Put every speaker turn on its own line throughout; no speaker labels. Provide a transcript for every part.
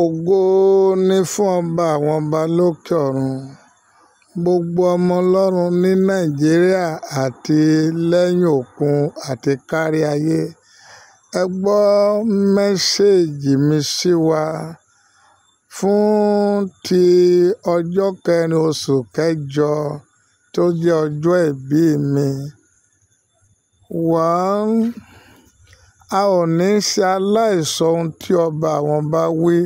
ògo ni fún ọba àwọn ọba lókè ọ̀run gbogbo ọmọ ọlọ́run ní nàìjíríà àti lẹ́yìn òkun àti kárí ayé ẹ gbọ́ mẹ́sẹ̀gì mi sí wa fún ti ọjọ́ kẹrin oṣù kẹjọ tó jẹ́ ọjọ́ ìbí mi wọ́n a ò ní ṣe aláìsọ ohun tí ọba àwọn bá wí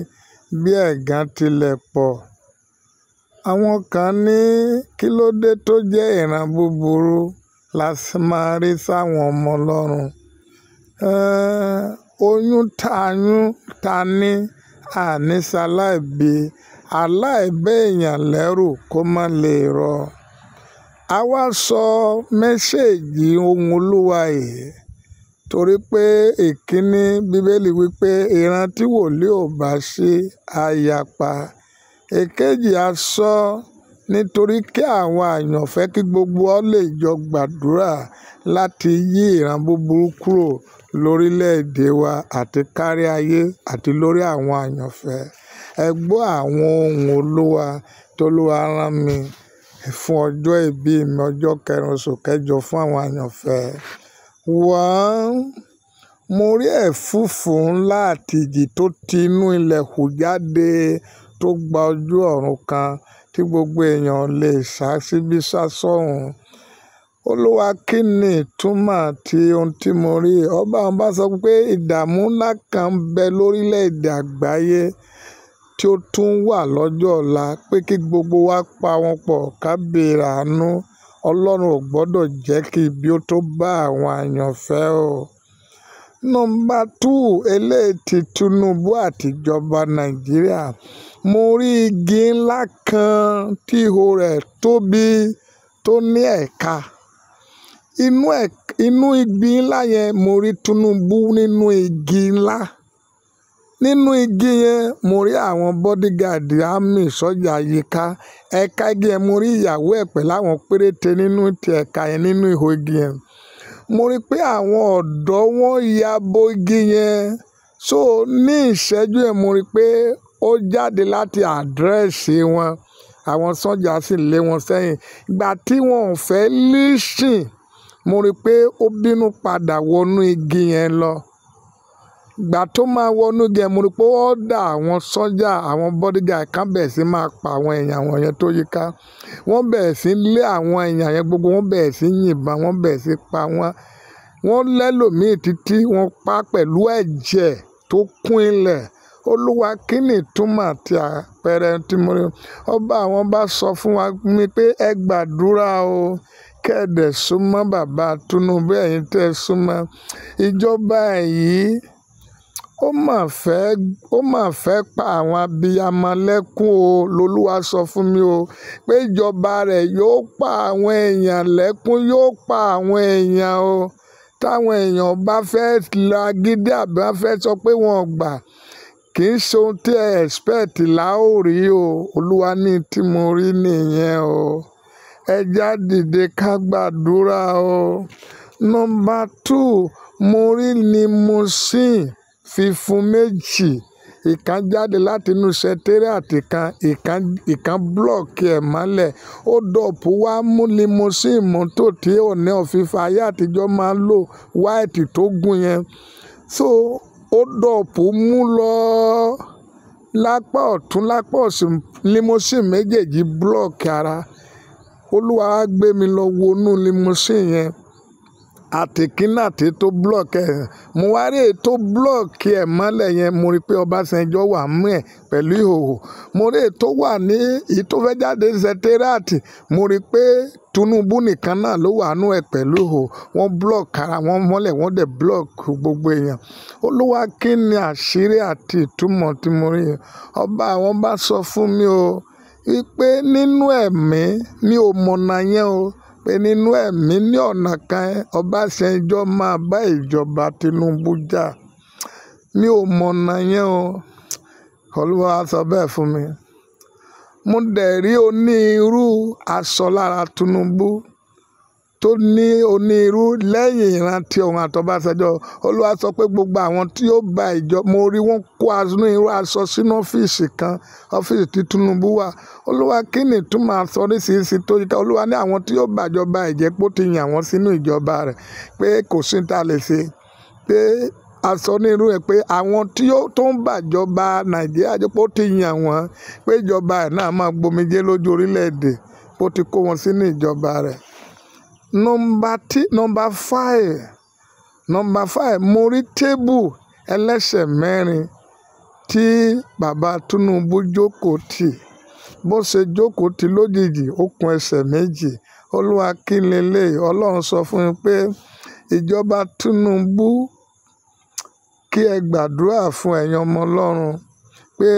bí ẹ̀gàn tilẹ̀ pọ̀ àwọn kan ní kí ló dé tó jẹ́ ìran búburú la máa rí sáwọn ọmọ ọlọ́run oyún tayún ta ní àníṣaláìbí aláìbẹ́ èèyàn lẹ́rù kó má lè rọ a wá sọ mẹ́ṣẹ́ẹ̀jì ohun olúwa yìí Torí pé ìkíni Bíbélì wípé ìran tí wòlíì ò bá ṣe á Èkejì a sọ nítorí kí àwọn àyànfẹ́ kí gbogbo wa lè jọ gbàdúrà láti yí ìran búburú kúrò lórílẹ̀ èdè wa àti kárí ayé àti lórí àwọn àyànfẹ́. Ẹ gbọ́ àwọn ohùn Olúwa tó Olúwa rán mi fún ọjọ́ ìbí mi ọjọ́ kẹrin oṣù kẹjọ fún àwọn àyànfẹ́ wòó mo rí ẹ̀fúùfù ńlá àtìjì tó ti inú ìlẹ̀kùn jáde tó gba ojú ọ̀run kan tí gbogbo èèyàn lè sá síbi sá sọ́hùn olúwa kí ni ìtumọ̀ tí ohun tí mo rí ọba àwọn bá sọ pé ìdààmú ńlá kan ń bẹ lórílẹ̀‐èdè àgbáyé tí ó tún wà lọ́jọ́ ọ̀la pé kí gbogbo wa pa wọn pọ̀ ká àánú ọlọ́run ò gbọ́dọ̀ jẹ́ kí ibi ó tó bá àwọn àyànfẹ́ o nọmba tú eléyìí ti tinubu àtijọba nàìjíríà mo rí igi ńlá kan tí ihò rẹ tóbi tó ní ẹka inú igi ńlá yẹn mo rí tinubu nínú igi ńlá. nínú igi yẹn mo rí àwọn bodyguard army sọ́jà yíká ẹ̀ka igi yẹn mo rí ìyàwó ẹ̀ pẹ̀ láwọn péréte nínú ti ẹ̀ka yẹn nínú ihò igi yẹn mo rí pé àwọn ọ̀dọ́ wọn ya bo igi yẹn so ní ìṣẹ́jú yẹn mo rí pé ó jáde láti àdírẹ́sì wọn àwọn sọ́jà sì lé wọn sẹ́yìn ìgbà tí wọn ò fẹ́ líṣìn mo rí pé ó bínú padà wọnú igi yẹn lọ ìgbà tó máa wọnú jẹ mo rí pé ó dà àwọn sọ́jà àwọn bọ́dígà kan bẹ̀rẹ̀ sí máa pa àwọn èèyàn àwọn yẹn tó yíká wọ́n bẹ̀rẹ̀ sí lé àwọn èèyàn yẹn gbogbo wọ́n bẹ̀rẹ̀ sí yìnbọn wọ́n bẹ̀rẹ̀ sí pa wọ́n wọ́n lẹ́lòmíì títí wọ́n pa pẹ̀lú ẹ̀jẹ̀ tó kún ilẹ̀ olúwa kí ni ìtumọ̀ àti àpẹẹrẹ tí mo rí ọba àwọn bá sọ fún wa mi pé ẹ gbàdúrà o kẹ́ẹ̀dẹ̀ súnmọ́ bàbá Tinubu ẹ̀yin tẹ́ ó mà fẹ́ẹ́ ó mà fẹ́ẹ́ pa àwọn abiyamọ lẹ́kún o lolúwa sọ fún mi o pé ìjọba rẹ̀ yóò pa àwọn èèyàn lẹ́kún yóò pa àwọn èèyàn o táwọn èèyàn bá fẹ́ la gidi àbí wọ́n fẹ́ sọ pé wọ́n gbà kì í ṣe ohun tí ẹ expect la ó rí o olúwa ní tí mo rí nìyẹn o ẹ já dìde ká gbàdúrà o nọmba two mo rí ni mo sìn fífún méjì ìkan jáde láti inú sẹtẹ́rìàtì kan ìkan ìkan búlọ́ọ̀kì ẹ̀ mọ́lẹ̀ òdòpó wá mú limousine mọ́tò tí òní òfìfà ayé àtijọ́ máa ń lò wáìtì tó gùn yẹn so òdòpó mú lọ lápá ọ̀tún lápá ọ̀sìn limousine méjèèjì búlọ́ọ̀kì ara olúwa gbé mi lọ wọnú limousine yẹn Atikina tó blọọkì ẹ muwari tó blọọkì ẹ mọ́lẹ̀ yẹn mo rí i pé Ọbásanjọ́ wà mú ẹ pẹ̀lú ìhòòhò mo rí i wà ní ìtòfẹ́jáde zẹtẹ́ráàtì mo rí i pé Tinubu nìkan náà ló ẹ blọọkì ara wọn mọ́lẹ̀ wọ́n dẹ blọọkì gbogbo èèyàn olúwa kí ni àṣírí àti tí mo rí yẹn sọ fún mi o wípé nínú mi ò mọ̀nà yẹn o. pé nínú ẹ̀mí ní ọ̀nà kan Ọbásanjọ́ máa bá ìjọba Tinubu jà mi ò mọ̀nà yẹn o Olúwa sọ bẹ́ẹ̀ fún mi mo dẹ̀ rí onírú aṣọ lára Tinubu tó ní onírú lẹ́yìn ìrántí ohun àtọ́báṣẹjọ́ olúwa sọ pé gbogbo àwọn tí ó ba ìjọ mo rí wọn kó inú irú aṣọ sínú ọ́fíìsì kan ọ́fíìsì tí Tinubu wà olúwa kí ni tún máa sọ oríṣiríṣi tó yíká olúwa ní àwọn tí ó bàjọba ìjẹ́pó ti yàn wọ́n sínú ìjọba rẹ̀ pé kò sí ta lè ṣe pé asọ nírú ẹ pé àwọn tí ó tó ń bàjọba nàìjíríà jọpọ̀ ti yàn wọ́n pé ìjọba ẹ̀ náà máa gbomijé lójú orílẹ̀-èdè bó ti kó wọn sínú ìjọba rẹ̀. Number, t- number five number five mo rí tébù ẹlẹ́sẹ̀ mẹ́rin tí bàbá Tinubu jókòó tì bó ṣe jókòó tì lójijì ó kun ẹsẹ̀ méjì olúwa kí leléyìí ọlọ́run sọ fún mi pé ìjọba Tinubu kí ẹ gbàdúrà fún ẹ̀yin ọmọ ọlọ́run pé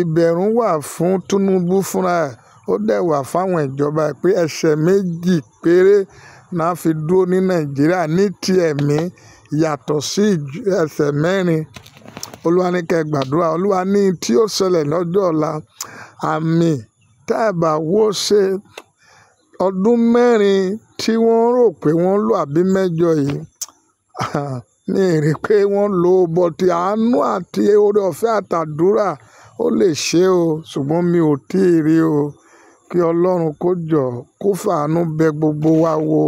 ìbẹ̀rù wà fún Tinubu fúnra ẹ̀ ó dẹ̀ wà fáwọn ìjọba pé ẹsẹ̀ méjì péré náà fi dúró ní Nàìjíríà ní ti ẹ̀mí yàtọ̀ sí ẹsẹ̀ mẹ́rin. Olúwa ní kẹ gbàdúrà, Olúwa ní tí ó ṣẹlẹ̀ lọ́jọ́ ọ̀la. Àmì tí ẹ bà wó ṣe ọdún mẹ́rin tí wọ́n rò pé wọ́n lò àbí mẹ́jọ yìí, mi rí pé wọ́n lò ó, àánú àti oore ọ̀fẹ́ àtàdúrà ó lè ṣe o, ṣùgbọ́n mi ò tíì rí o kí ọlọ́run kó jọ kó fàánú bẹ gbogbo wa wò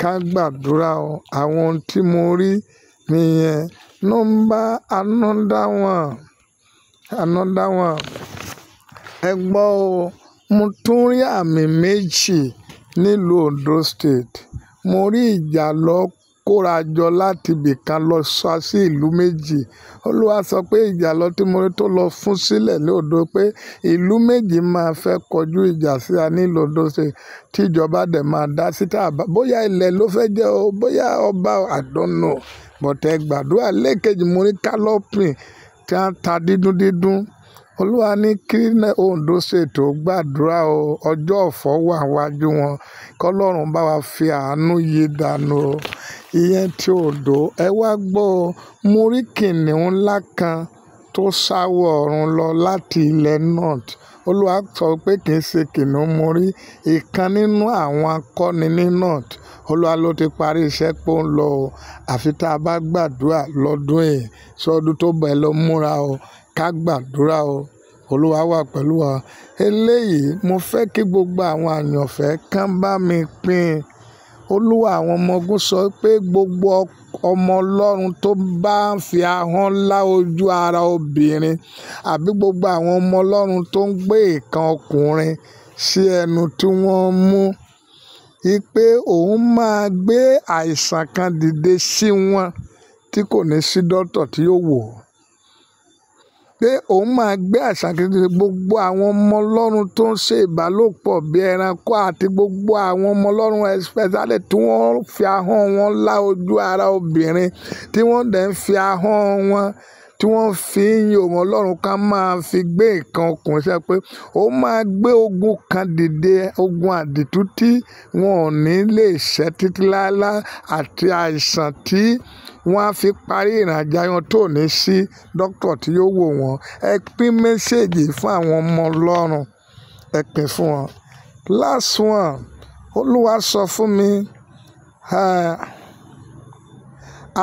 ká gbàdúrà o àwọn ohun tí mo rí nìyẹn nọ́mbà anọ́dá wọn anọ́dá wọn ẹ gbọ́ o mo tún rí àmì méjì nílùú Ondo State mo rí ìjàlọ kóra jọ láti ibìkan lọ sá sí ìlú méjì. Olúwa sọ pé ìjà lọ tí mo tó lọ fún sílẹ̀ ní odò pé ìlú méjì máa fẹ́ kọjú ìjà sí a ní ìlú odò ṣe tí ìjọba dẹ̀ máa dá sí tá bóyá ilẹ̀ ló fẹ́ jẹ́ o, bóyá ọba I don't know. But ẹ gbàdúrà lẹ́ẹ̀kejì mo ní ká lọ pín kí a ta dídún Olúwa ní kí Ondo ṣètò gbàdúrà o. Ọjọ́ ọ̀fọ̀ wà wájú wọn. Kọ́lọ́run bá wa fi àánú yí dànù o. Iyẹn tí odò, ẹ wá gbọ́ o. Mo rí kìnnìún ńlá kan tó ṣáwọ̀ ọ̀run lọ láti ilẹ̀ north. Olúwa sọ pé kì í ṣe kìnnìún mo rí, ìkan nínú àwọn akọni ní north olúwa ló ti parí iṣẹ́ pé ó ń lọ o àfi tá a bá gbàdúrà lọ́dún yìí sọ́dún tó bẹ̀ lọ múra o ká gbàdúrà o olúwa wà pẹ̀lú wa eléyìí mo fẹ́ kí gbogbo àwọn àyànfẹ́ kán bá mi pín olúwa àwọn ọmọ sọ pé gbogbo ọmọ ọlọ́run tó bá ń fi ahọ́n lá ojú ara obìnrin àbí gbogbo àwọn ọmọ ọlọ́run tó ń gbé ìkan ọkùnrin sí ẹnu tí wọ́n mú pé òun máa gbé àìsàn kan dìde sí wọn tí kò ní sí dókítà tí yóò wò ó pé òun máa gbé àìsàn kan dìde gbogbo àwọn ọmọ ọlọ́run tó ń ṣe ìbálòpọ̀ bí ẹranko àti gbogbo àwọn ọmọ ọlọ́run especially tí wọ́n fi ahọ́n wọn lá ojú ara obìnrin tí wọ́n dẹ̀ ń fi ahọ́n wọn tí wọ́n fi ń yin òun Ọlọ́run ká máa fi gbé nǹkan ọkùnrin ṣe pé ó máa gbé ogun kan dìde ogun àdìtú tí wọn ò ní lè ṣẹ́ títí láéláé àti àìsàn tí wọ́n á fi parí ìrìnàjò wọn tó ní sí dókítà tí yóò wò wọ́n. Ẹ pín méséèjì fún àwọn ọmọ Ọlọ́run, ẹ pín fún wọn. Last one, Olúwa sọ fún mi, ah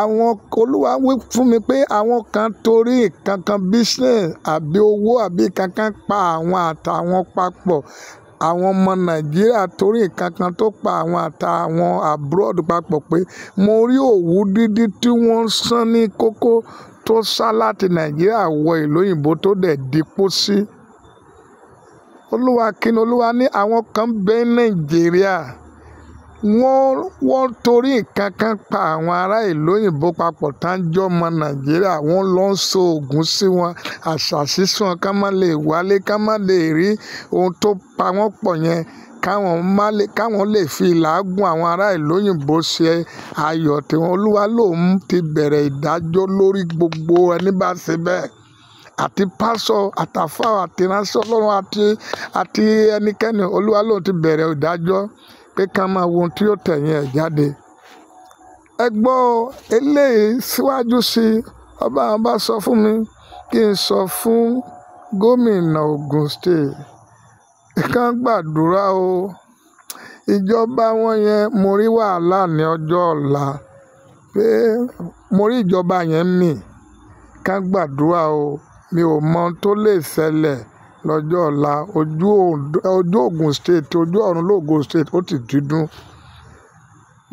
àwọn olúwa wí fún mi pé àwọn kan torí kankan business àbí owó àbí kankan pa àwọn àtàwọn papọ̀ àwọn ọmọ nàìjíríà torí kankan tó pa àwọn àtàwọn abroad papọ̀ pé mo rí òwú dídí tí wọ́n ń sán ní kókó tó sá láti nàìjíríà wọ ìlú òyìnbó tó dẹ̀ dipò sí olúwa kí ni olúwa ní àwọn kan bẹ́ẹ̀ nàìjíríà wọ́n wọ́n torí nǹkan kan pa àwọn ará ìlú òyìnbó papọ̀ tá ń jọ ọmọ nàìjíríà wọ́n lọ ń so oògùn sí wọn àṣà sísun ká má lè wálé ká má lè rí ohun tó pa wọ́n pọ̀ yẹn káwọn má lè káwọn lè fi làágùn àwọn ará ìlú òyìnbó ṣe ayọ̀ tiwọn olúwa lòun ti bẹ̀rẹ̀ ìdájọ́ lórí gbogbo ẹni bá ṣe bẹ́ẹ̀ àti pásọ àtàfà àti ránṣẹ́ ọlọ́run àti ẹnikẹ́ni olúwa lòun ti bẹ̀rẹ̀ ìdájọ́ pé ká máa wo ohun tí ó tẹ̀yìn ẹ̀ jáde ẹ gbọ́ eléyìí síwájú sí ọba àwọn bá sọ fún mi kí n sọ fún gómìnà Ogun State kán gbàdúrà o ìjọba wọn yẹn mo rí wàhálà ní ọjọ́ ọ̀la pé mo rí ìjọba yẹn mì kán gbàdúrà o mi ò mọ tó lè ṣẹlẹ̀ lọ́jọ́ ọ̀la ojú Ogun State ojú ọ̀run lóògùn State ó ti dídùn.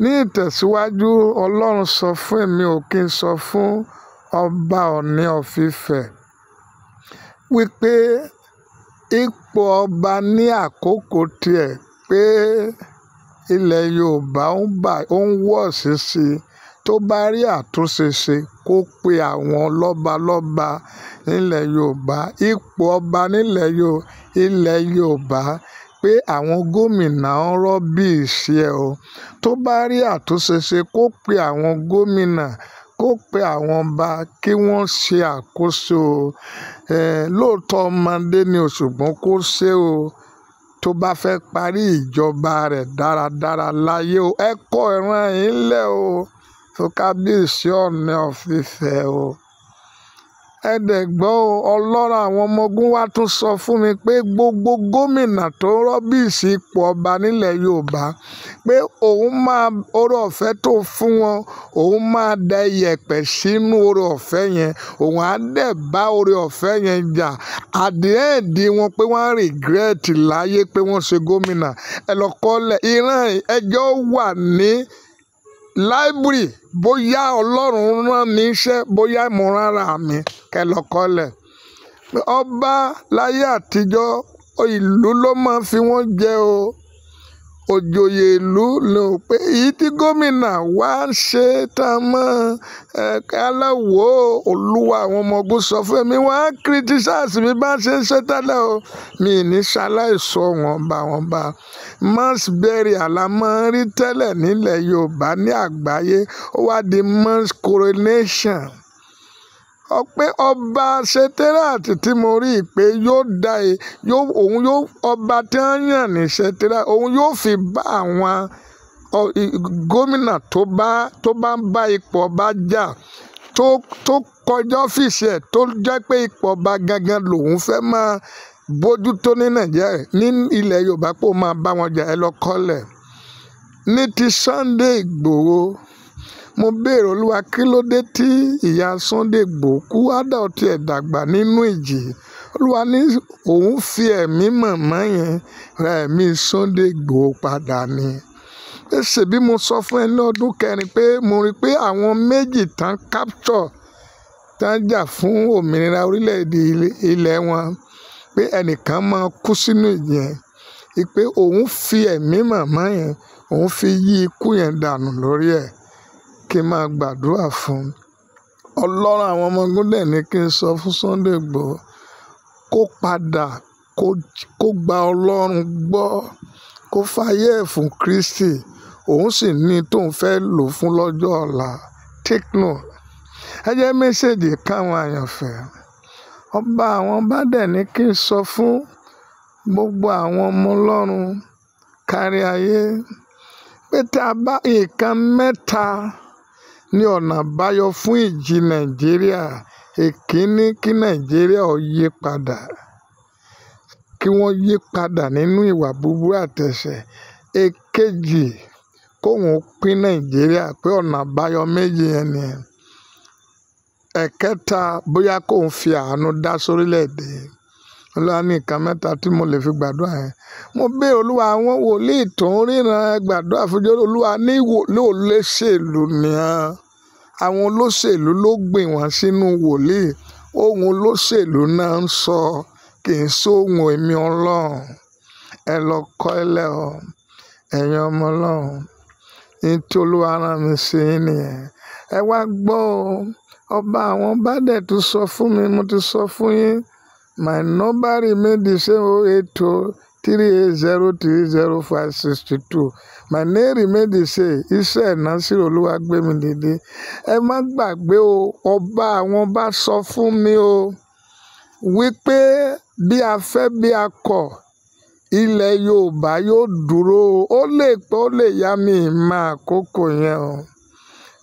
Ní ìtẹ̀síwájú, Ọlọ́run sọ fún èmi ò kí n sọ fún ọba Ọọ̀ni of Ife wípé ipò ọba ní àkókò tiẹ̀ pé ilẹ̀ Yorùbá ó ń wọ̀ sí sí tó bá rí àtúnṣe ṣe kó pe àwọn lọ́balọ́ba nílẹ̀ Yorùbá, ipò ọba nílẹ̀ Yorùbá pé àwọn gómìnà ń rọ́bììsì ẹ o. Tó bá rí àtúnṣe ṣe kó pe àwọn gómìnà, kó pe àwọn ọba kí wọ́n ṣe àkóso. Ẹ̀, lóòótọ́ ọmọdé ni o ṣùgbọ́n kó ṣe o. Tó bá fẹ́ parí ìjọba rẹ̀ dáradára láyé o, ẹ kọ ìran yín lẹ́ o fún kábíyèsí ọ̀nà ọ̀fìfẹ́ o ẹ dẹ̀ gbọ́ o ọlọ́run àwọn ọmọ ogun wa tún sọ fún mi pé gbogbo gómìnà tó rọ́bìsì ipò ọba nílẹ̀ yorùbá pé òun máa oore ọ̀fẹ́ tó fún wọn òun máa da iyẹ̀pẹ̀ sínú oore ọ̀fẹ́ yẹn òun á dẹ̀ bá oore ọ̀fẹ́ yẹn jà àdéhẹ̀dì wọn pé wọ́n á rìgírẹ́tì láyé pé wọ́n ṣe gómìnà ẹ lọ kọ́lẹ̀ ìran ẹjọ́ wà ní library bóyá ọlọ́run rán mi iṣẹ́ bóyá mo rárá mi kẹlọ̀kọlẹ̀ ọba láyé àtijọ́ ìlú ló máa fi wọ́n jẹ o òjòyè ìlú ló pé èyí tí gómìnà wá ń ṣe tá a mọ ẹ̀ka aláwo olúwa àwọn ọmọ ogun sọ fún mi wọ́n á criticize mi bá ṣe ń ṣe tẹ́lẹ̀ o mi ní ṣaláìsọ wọn bá wọn bá mass burial la máa ń rí tẹ́lẹ̀ nílẹ̀ yorùbá ní àgbáyé ó wá di mass coronation ọpẹ́ ọba ṣẹtẹràtì tí mo rí i pé yóò dá e òun yóò ọba tí wọn yàn ní ṣẹtẹràtì òun yóò fi bá àwọn gómìnà tó bá tó bá ń bá ipò ọba jà tó kọjá ọ́fíìsì ẹ̀ tó jẹ́ pé ipò ọba gangan lòun fẹ́ máa bójútó ní nàìjíríà ní ilẹ̀ yorùbá pé ó máa bá wọn jà ẹ lọ kọ́lẹ̀ ní ti Sunday Ìgbòho mo béèrè olúwa kí ló dé tí ìyá Sunday Ìgbòho kú ádá ọtí ẹ̀ dàgbà nínú ìjì olúwa ní òun fi ẹ̀mí mọ̀mọ́ yẹn ra ẹ̀mí Sunday Ìgbòho padà ni ṣèbí mo sọ fún ẹ ọdún kẹrin pé mo rí i pé àwọn méjì tán capture tán jà fún òmìnira orílẹ̀-èdè ilẹ̀ wọn pé ẹnìkan máa kú sínú ìyẹn pé òun fi ẹ̀mí màmá yẹn òun fi yí ikú yẹn dànù lórí ẹ̀ kí n máa gbàdúrà fún un ọlọ́run àwọn ọmọ ogun dẹ̀ ní kí n sọ fún Sunday Igboho kó padà kó gba ọlọ́run gbọ́ kó fàyè fún Kristi òun sì ní tóun fẹ́ lò fún lọ́jọ́ ọ̀la take note ẹ jẹ́ mẹ́sẹ̀gì káwọn àyànfẹ́. ọba àwọn bá dẹ̀ ní kí n sọ fún gbogbo àwọn ọmọ ọlọ́run kárí ayé pé tá a bá nǹkan mẹ́ta ní ọ̀nà àbáyọ fún ìjì nàìjíríà èkíní kí nàìjíríà ó yí padà kí wọ́n yí padà nínú ìwà búburú àtẹ̀sẹ̀ èkejì kóun pín nàìjíríà pé ọ̀nà àbáyọ méjì yẹn nìyẹn ẹ̀kẹta bóyá kò ń fi àánú dá sórílẹ̀-èdè olúwa ní nǹkan mẹ́ta tí mo lè fi gbàdúrà yẹn mo bẹ olúwa àwọn wòlíì tó ń ríran gbàdúrà fún olúwa ní olóṣèlú nìyẹn àwọn olóṣèlú ló gbìn wọ́n sínú wòlíì ohun olóṣèlú náà ń sọ kì í sóhun èmi ọlọ́run ẹ lọ kọ́ ilẹ̀ ọ ẹ̀yin ọmọ ọlọ́run ní tí olúwa rán mi sí nìyẹn ẹ wá gbọ́ o ọba àwọn bá dẹ̀ tún sọ fún mi mo ti sọ fún yín my number remain the same o oh, eight three eight zero three zero five sixty two my name remain the same iṣẹ́ ìnáṣí olúwagbémi dìde ẹ má gbàgbé o ọba àwọn bá sọ fún mi o wípé bí a fẹ́ bí a kọ̀ ilẹ̀ yorùbá yóò dúró ó lè pẹ́ ó lè yá mi ìmọ̀ àkókò yẹn o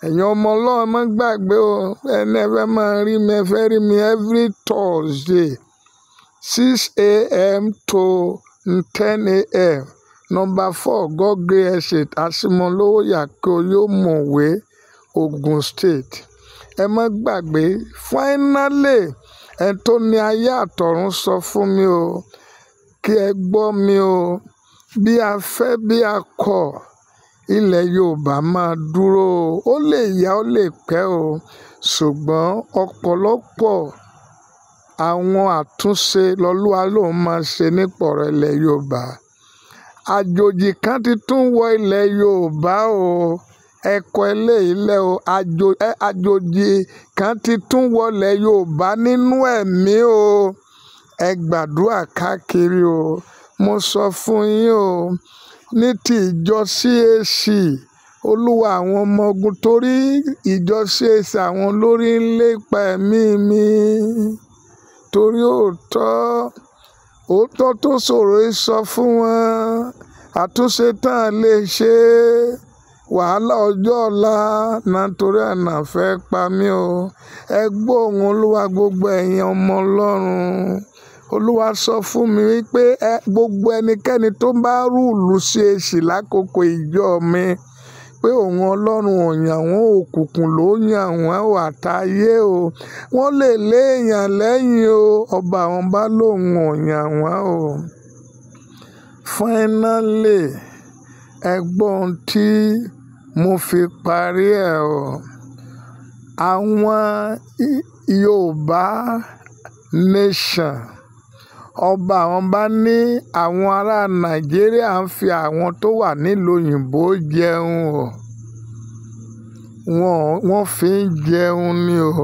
ẹ̀yin ọmọ Ọlọ́run má gbàgbé o ẹni ẹ fẹ́ máa rí mi ẹ rí mi every Thursday six a.m. to ten a.m. number four Godway estate Asimolowo Yakuo Yomowe Ogun State ẹ má gbàgbé finally ẹ tó ní ayé àtọ̀run sọ fún mi o kí ẹ gbọ́ mi o bí a fẹ́ bí a kọ̀ ilẹ̀ yorùbá máa dúró ó lè yá ó lè pẹ́ o ṣùgbọ́n ọ̀pọ̀lọpọ̀ àwọn àtúnṣe lọ́lúwa lòun máa ṣe nípa ọ̀rọ̀ ilẹ̀ yorùbá àjòjì kan ti tún wọ ilẹ̀ yorùbá o ẹ̀kọ́ eléyìí lẹ́ o àjòjì kan ti tún wọlé yorùbá nínú ẹ̀mí o ẹ gbàdúrà káàkiri o mo sọ fún yín o ní ti ìjọ CAC olúwa àwọn ọmọ ogun torí ìjọ CAC àwọn olórí ń lépa ẹ̀mí mi torí òótọ́ òótọ́ tó ṣòro sọ fún wọn àtúnṣe tán lè ṣe wàhálà ọjọ́ ọ̀la nítorí àná fẹ́ pa mí o ẹ gbọ́ ohùn olúwa gbogbo ẹ̀yin ọmọ ọlọ́run. Olúwa sọ fún mi wípé gbogbo ẹnikẹ́ni tó bá rúùlù ṣe èṣì lákòókò ìjọ mi, pé òun Ọlọ́run ò yàn òkùnkùn ló yàn wọ́n, àtayé o. Wọ́n lè lé lẹ́yìn o, ọba àwọn bá lòun ò yàn o. Finally, ẹ gbọ́ ohun tí mo fi parí ẹ̀ o. Àwọn Yorùbá nation ọba àwọn bá ní àwọn ará nàìjíríà ń fi àwọn tó wà nílùú òyìnbó jẹun o wọ́n fi ń jẹun ni o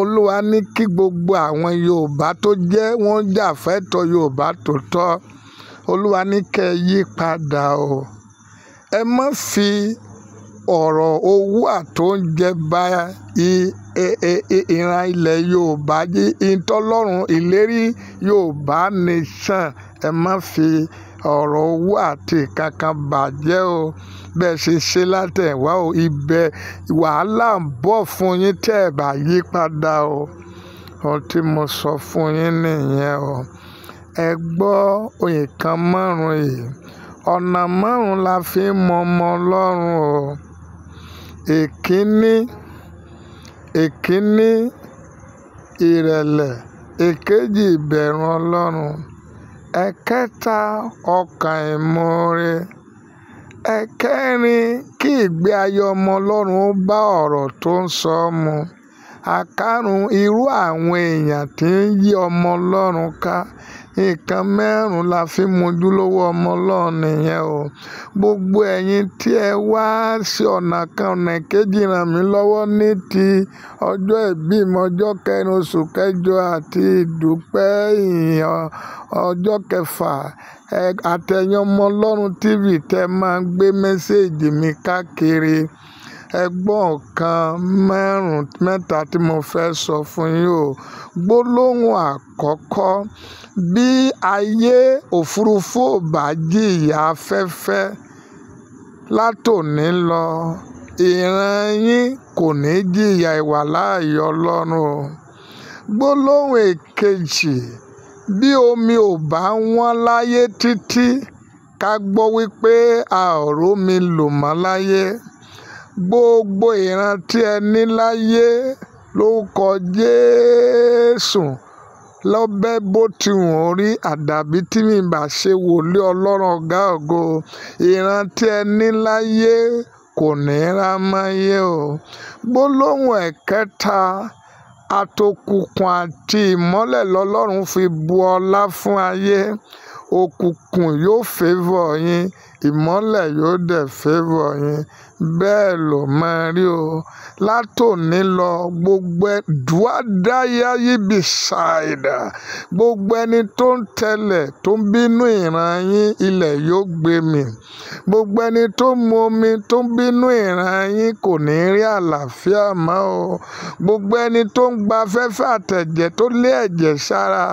olúwa ní kí gbogbo àwọn yorùbá tó jẹ́ wọ́n jàfẹ́tọ̀ yorùbá tòótọ́ olúwa ní kẹ́ yí padà o ẹ má fi ọ̀rọ̀ owó àtóúnjẹ ba e, e, e, ìran ilẹ̀ yorùbá jẹ́ ntọ́lọ́run ìlérí yorùbá nation ẹ má fi ọ̀rọ̀ owó àti kankan bàjẹ́ o bẹ́ẹ̀ ṣe ṣe látẹ̀wá o ibẹ̀ wàhálà ń bọ̀ fún yín tẹ́ ẹ̀ bá yí padà o ohun tí mo sọ fún yín nìyẹn o ẹ gbọ́ nǹkan márùn-ún yìí ọ̀nà márùn-ún la fi ń mọ ọmọ ọlọ́run o. èkínní èkínní ìrẹ̀lẹ̀ ìkejì ìbẹ̀rùn ọlọ́run ẹ̀kẹta ọkàn ìmoore ẹ̀kẹrin kí ìgbé ayé ọmọ ọlọ́run ó bá ọ̀rọ̀ tó ń sọ ọ́ mu àkárùn irú àwọn èèyàn tí ń yí ọmọ ọlọ́run ká nǹkan mẹ́rùn la fi ń mojú lówó ọmọ ọlọ́run nìyẹn o gbogbo ẹ̀yin tí ẹ wá ṣe ọ̀nà kan ọ̀nà kejì ràn mí lọ́wọ́ ní ti ọjọ́ ìbí mi ọjọ́ kẹrin oṣù kẹjọ àti ìdúpẹ́ ọjọ́ TV tẹ máa ń gbé mẹ́séèjì mi káàkiri. Ẹ gbọ́ nǹkan mẹ́rùn mẹ́ta tí mo fẹ́ sọ fún yín o. Gbólóhùn àkọ́kọ́, bí ayé òfurufú ò bá jìyà afẹ́fẹ́ látòní lọ, ìran yín kò ní jìyà ìwàláàyè Ọlọ́run o. Gbólóhùn èkejì, bí omi ò bá wọ́n láyé títí, ká gbọ́ wípé a ò rómi lò mọ́ láyé gbogbo ìran tí ẹ ní láyé lórúkọ jésù lọ́bẹ̀ bó ti wù ú rí àdàbí tí mi bá ṣe wòlíì ọlọ́run ọ̀gá ògo ìran tí ẹ ní láyé kò ní rá máyé o gbólóhùn ẹ̀kẹta àtòkùnkùn àti ìmọ́lẹ̀ lọ́lọ́run fi bu ọlá fún ayé òkùnkùn yóò favour yín ìmọ́lẹ̀ yóò dé favour yín bẹ́ẹ̀ ló máa rí o. Látòní lọ, gbogbo ẹ̀dúádayá yíbi ṣàìdà, gbogbo ẹni tó ń tẹ̀lẹ̀ tó ń bínú ìran yín, ilẹ̀ yóò gbé mì. Gbogbo ẹni tó mu omi tó ń bínú ìran yín kò ní rí àlàáfíà mọ́ o. Gbogbo ẹni tó ń gba afẹ́fẹ́ àtẹ̀jẹ̀ tó lé ẹ̀jẹ̀ sára,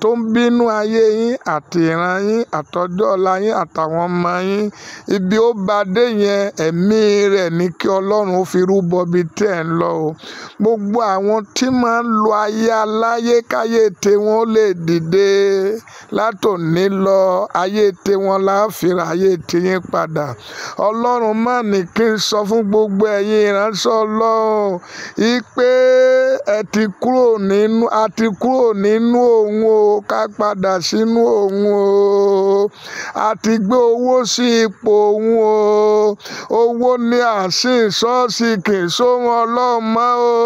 tó ń bínú ayé yín àti ìran yín, àtọjọ́ ọ̀la yín àtàwọn ọmọ yín yín ibi ó bá dé yẹn ẹ̀mí rẹ̀ ní kí ọlọ́run fi rúbọ bí tẹ́ ẹ̀ ń lọ o gbogbo àwọn tí máa ń lo ayé aláyé káyé tiwọn lè dìde látòní lọ ayé tiwọn láàfin ayé tiyín padà ọlọ́run má ní kí n sọ fún gbogbo ẹ̀yin ìránṣẹ́ ọlọ́run ipe ẹ ti kúrò nínú a ti kúrò nínú òun o ká padà sínú òun o a ti gbé owó sí sí ipò òun o owó ni àṣìn ṣọ́ọ̀ṣì kì í sóhun ọlọ́run mọ́ o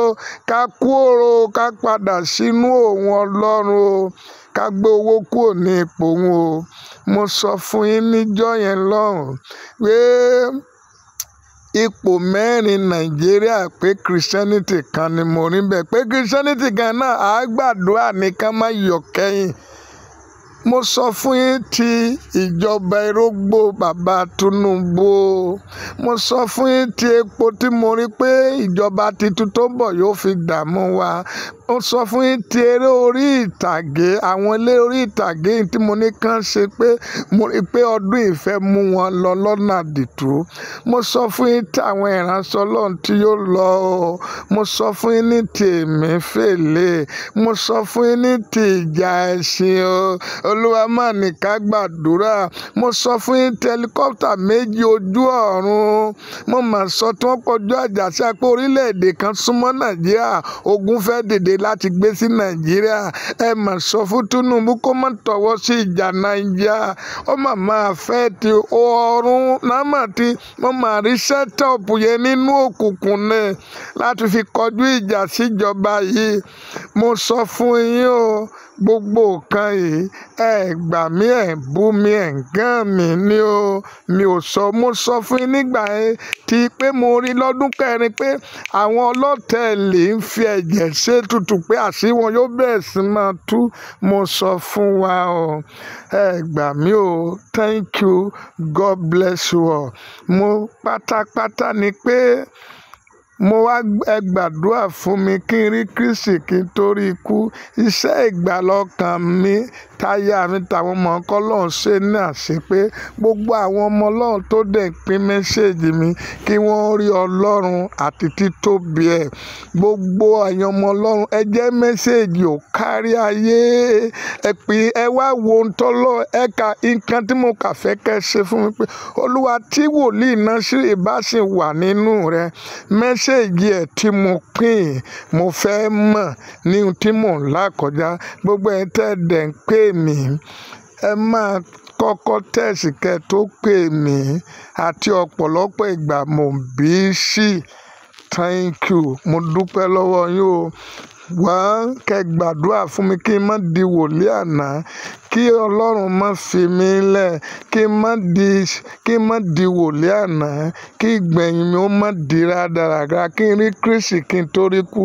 ká kúrò ká padà sínú òun ọlọ́run o ká gbé owó kúrò ní ipò òun o mo sọ fún yín níjọ́ yẹn lọ́hùn pé ipò mẹ́rin nàìjíríà pé christianity kan ni mo rí bẹ́ẹ̀ pé christianity kan náà àá gbàdúrà nìkan má yọ kẹ́yìn mo sọ fún yín ti ìjọba irógbó bàbá Tinubu mo sọ fún yín ti epo tí mo rí pé ìjọba titun tó ń bọ̀ yóò fi dààmú wa ó sọ fún yín ti eré orí ìtàgé àwọn ilé orí ìtàgé yìí tí mo ní kàn ṣe pé mo rí pé ọdún ìfẹ́ mú wọn lọ lọ́nà àdìtú mo sọ fún yín tí àwọn ìránṣọ ọlọ́run tí yóò lọ o mo sọ fún yín ní ti èmi fèlè mo sọ fún yín ní ti ìjà ẹ̀sìn o olúwa má nìka gbàdúrà mo sọ fún yín ti ẹlikọ́pítà méjì ojú ọ̀run mo mà sọ tí wọ́n kọjú àjà sí apá orílẹ̀-èdè kan súnmọ́ nàìjíríà ogun fẹ́ dìde láti gbé sí nàìjíríà ẹ mà sọ fún tinubu kó má tọwọ́ sí ìjà nàìjíríà ó mà máa fẹ́ ti ọ̀run náà ti mo mà rí sẹ́tọ̀pù yẹn nínú òkùnkùn náà láti fi kọjú ìjà síjọba yìí mo sọ fún yín o gbogbo nǹkan yìí ẹ gbà mí ẹ bú mi ẹ gán mi ni o mi ò sọ mo sọ fún yín nígbà yẹn ti pé mo rí lọ́dún kẹrin pé àwọn ọlọ́tẹ̀ẹ̀lì ń fi ẹ̀jẹ̀ ṣe tutù pé àṣì wọn yóò bẹ̀rẹ̀ sí máa tú mo sọ fún wa o ẹ gbà mí o thank you God bless you all mo pátápátá ni pé mo wáá ẹ gbàdúrà fún mi kí n rí kristi kí n tóó rí ikú iṣẹ́ ìgbàlà ọkàn mi táyé àfi tàwọn ọmọ kọ́lọ́hún ṣe ní àṣepé gbogbo àwọn ọmọ ọlọ́run tó dẹ̀ pín mẹ́ṣẹ́ẹ̀jì mi kí wọ́n rí ọlọ́run àti títóbi ẹ̀ gbogbo àyàn ọmọ ọlọ́run ẹ jẹ́ mẹ́ṣẹ́ẹ̀jì ò kárí ayé ẹ pè ẹ wá wo ohun tọ́lọ́ ẹ ka nǹkan tí mo kà fẹ́ kẹ́ ṣe fún mi pé olúwa tí wòlíì náà ṣì bá sì wà nínú rẹ mẹ́ṣẹ́ẹ̀jì ẹ̀ tí mo pín mo fẹ́ mọ̀ ní ohun tí mò ń là gbogbo ẹ̀ tẹ́ dẹ̀ ń pè é mí ẹ máa kọ́kọ́ tẹ̀sì kẹ́ tó pè mí àti ọ̀pọ̀lọpọ̀ ìgbà mò bí sí. Thank you. Mo dúpẹ́ lọ́wọ́ yín o wá kẹ́ gbàdúrà fún mi kí n má di wòlíì àná kí ọlọ́run má fi mí lẹ̀ kí n má di kí n má di wòlíì àná kí ìgbẹ̀yìn mi ó má di rádaràda kí n rí kírísì kí n torí kú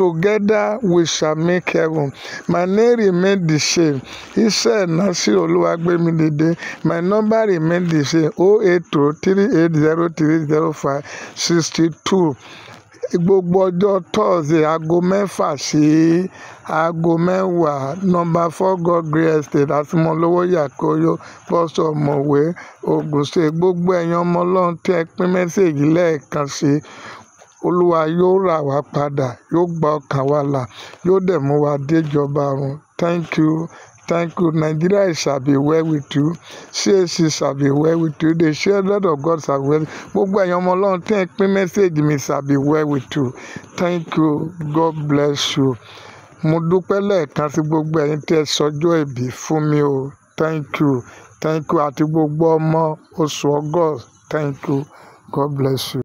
together we shall make heaven my name remain the same iṣẹ́ ìnáṣí olúwa gbé mi dìde my number remain the same O oh eight two oh three eight zero three zero five sixty two gbogbo ọjọ́ Thursday aago mẹ́fà sí aago mẹ́wàá Nọ́mbà 4 God Gray Estate, Àṣìmọ́lówó Yàkóró, Bus-stop Mọ̀wé, Ogun State. Gbogbo ẹ̀yin ọmọ Ọlọ́run tí ẹ pín mẹ́séèjì lẹ́ẹ̀kan sí, Olúwa yóò rà wá padà, yóò gba ọkàn wa là, yóò dẹ̀ mú wa dé ìjọba Thank you. Thank you, Nigeria shall be well with you. CAC shall be well with you. The children of God shall be well. Gbogbo ẹ̀yin ọmọ Ọlọ́run tí ẹ pín mẹ́sẹ̀gì mi shall be well with you. Thank you. God bless you. Mo dúpẹ́ lẹ́ẹ̀kan sí gbogbo ẹ̀yin tí ẹ sọjọ́ ìbí fún mi o. Thank you. Thank you àti gbogbo ọmọ oṣù August. Thank you. God bless you.